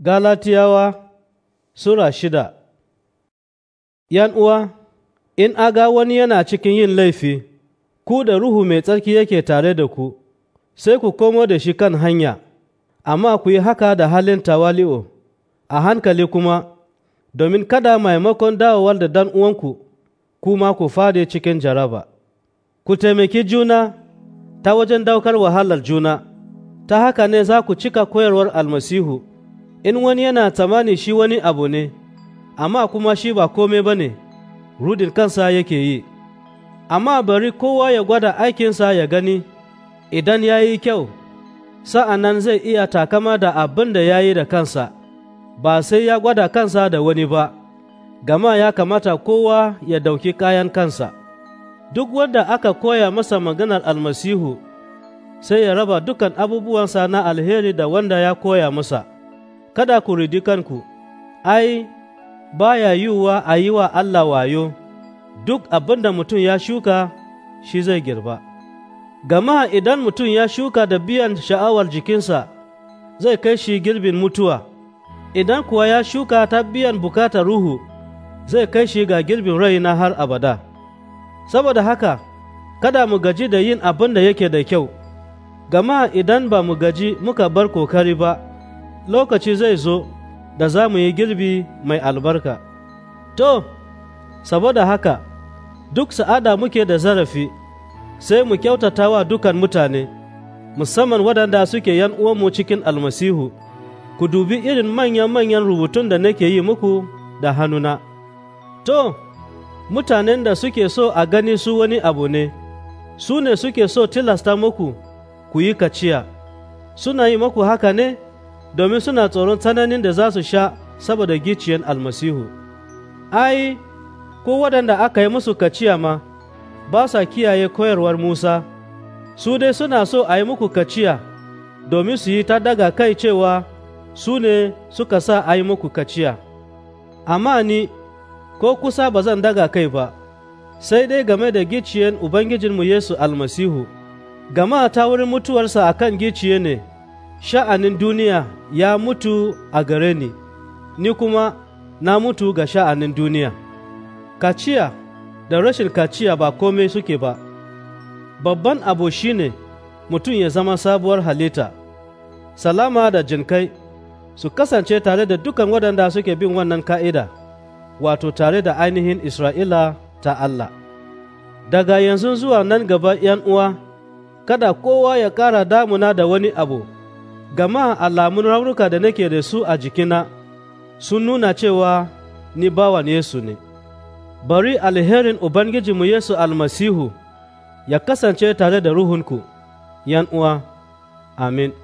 Galatiyawa Sura shida ’Yan uwa, in aga wani yana cikin yin laifi, ku da Ruhu mai tsarki yake tare da ku, sai ku komo da shi kan hanya, amma ku yi haka da halin tawali'o, a hankali kuma, domin kada maimakon dawowar da dan uwanku, kuma ku fade cikin jaraba. Ku taimaki juna ta wajen daukar wahalar juna, ta haka ne za ku cika koyarwar almasihu. in wani yana tsammani shi wani abu ne, amma kuma shi ba kome ba ne, rudin kansa yake yi, amma bari kowa ya gwada aikinsa ya gani, idan ya yi kyau, sa'an zai iya takama da abin da ya yi da kansa, ba sai ya gwada kansa da wani ba, gama ya kamata kowa ya dauki kayan kansa. Duk wanda aka koya masa maganar almasihu, sai ya raba dukan abubuwansa na alheri da wanda ya koya masa. kada ku ridi kanku, ai, ba ya yiwuwa a yi wa Allah wayo, duk abin da mutum ya shuka shi zai girba. Gama idan mutum ya shuka da biyan sha'awar jikinsa, zai kai shi girbin mutuwa, idan kuwa ya shuka ta biyan bukatar ruhu, zai kai shi ga girbin rai na har abada. Saboda haka, kada mu gaji da yin abin da yake da kyau, gama idan ba mu gaji muka bar kokari ba. lokaci zai zo da za mu yi girbi mai albarka. To, saboda haka, duk sa'ada muke da zarafi, sai mu kyautata wa dukan mutane, musamman waɗanda suke yan uwanmu cikin almasihu, ku dubi irin manyan-manyan rubutun da nake yi muku da hannuna. To, mutanen da suke so a gani su wani abu ne, su ne suke so tilasta muku ku yi kaciya, suna yi muku haka ne? domin suna tsoron tsananin da za su sha saboda giciyan almasihu ai ko waɗanda aka yi musu kaciya ma ba sa kiyaye koyarwar musa su dai suna so a yi muku kaciya domin su yi ta daga kai cewa su ne suka sa a yi muku kaciya amma ni ko kusa ba zan daga kai ba sai dai game da giciyan ubangijinmu yesu almasihu gama ta wurin mutuwarsa a kan giciye ne sha'anin duniya ya mutu a gare ni, ni kuma na mutu ga sha'anin duniya. Kaciya da rashin kaciya ba komai suke ba, babban abu shi ne mutum ya zama sabuwar halitta, salama da jinkai su kasance tare da dukan waɗanda suke bin wannan ka'ida, wato tare da ainihin Isra'ila ta Allah. Daga yanzu zuwa nan gaba uwa, kada kowa ya ƙara damuna da wani abu. gama alamun raunuka da nake da su a jikina sun nuna cewa ni bawan Yesu ne. Bari alherin Ubangijinmu Yesu almasihu ya kasance tare da ruhunku, uwa, amin.